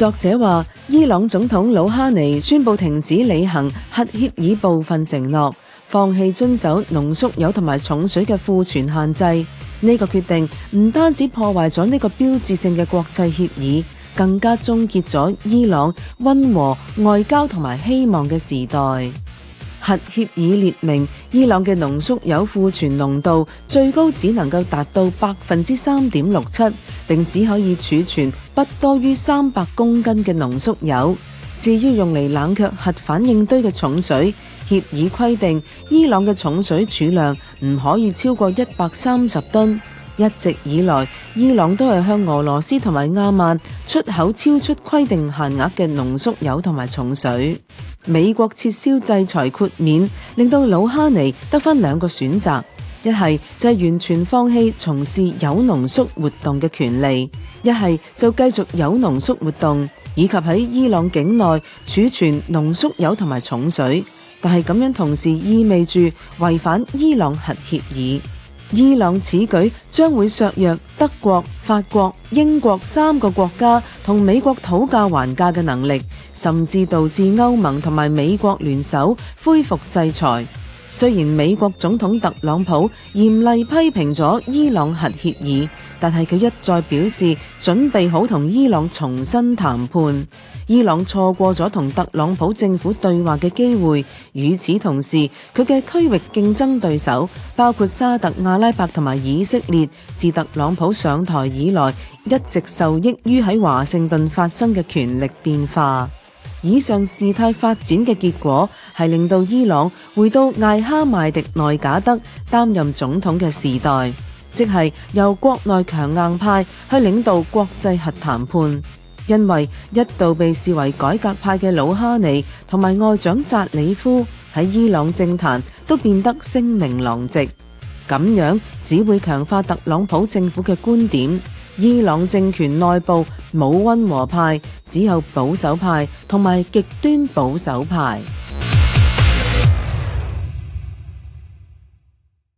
作者話：伊朗總統魯哈尼宣布停止履行核協議部分承諾，放棄遵守濃縮鈾同埋重水嘅庫存限制。呢個決定唔單止破壞咗呢個標誌性嘅國際協議，更加終結咗伊朗溫和外交同埋希望嘅時代。核協議列明，伊朗嘅濃縮鈾庫存濃度最高只能夠達到百分之三點六七。並只可以儲存不多於三百公斤嘅濃縮鈾。至於用嚟冷卻核反應堆嘅重水，協議規定伊朗嘅重水儲量唔可以超過一百三十噸。一直以來，伊朗都係向俄羅斯同埋阿曼出口超出規定限額嘅濃縮鈾同埋重水。美國撤銷制裁豁免，令到魯哈尼得返兩個選擇。一係就係完全放棄從事鈾濃縮活動嘅權利，一係就繼續鈾濃縮活動，以及喺伊朗境內儲存濃縮鈾同埋重水。但係咁樣同時意味住違反伊朗核協議。伊朗此舉將會削弱德國、法國、英國三個國家同美國討價還價嘅能力，甚至導致歐盟同埋美國聯手恢復制裁。雖然美國總統特朗普嚴厲批評咗伊朗核協議，但係佢一再表示準備好同伊朗重新談判。伊朗錯過咗同特朗普政府對話嘅機會。與此同時，佢嘅區域競爭對手包括沙特阿拉伯同埋以色列，自特朗普上台以來一直受益於喺華盛頓發生嘅權力變化。以上事態發展嘅結果係令到伊朗回到艾哈邁迪內賈德擔任總統嘅時代，即係由國內強硬派去領導國際核談判。因為一度被視為改革派嘅魯哈尼同埋外長扎里夫喺伊朗政壇都變得聲名狼藉，咁樣只會強化特朗普政府嘅觀點。伊朗政權內部冇溫和派，只有保守派同埋極端保守派。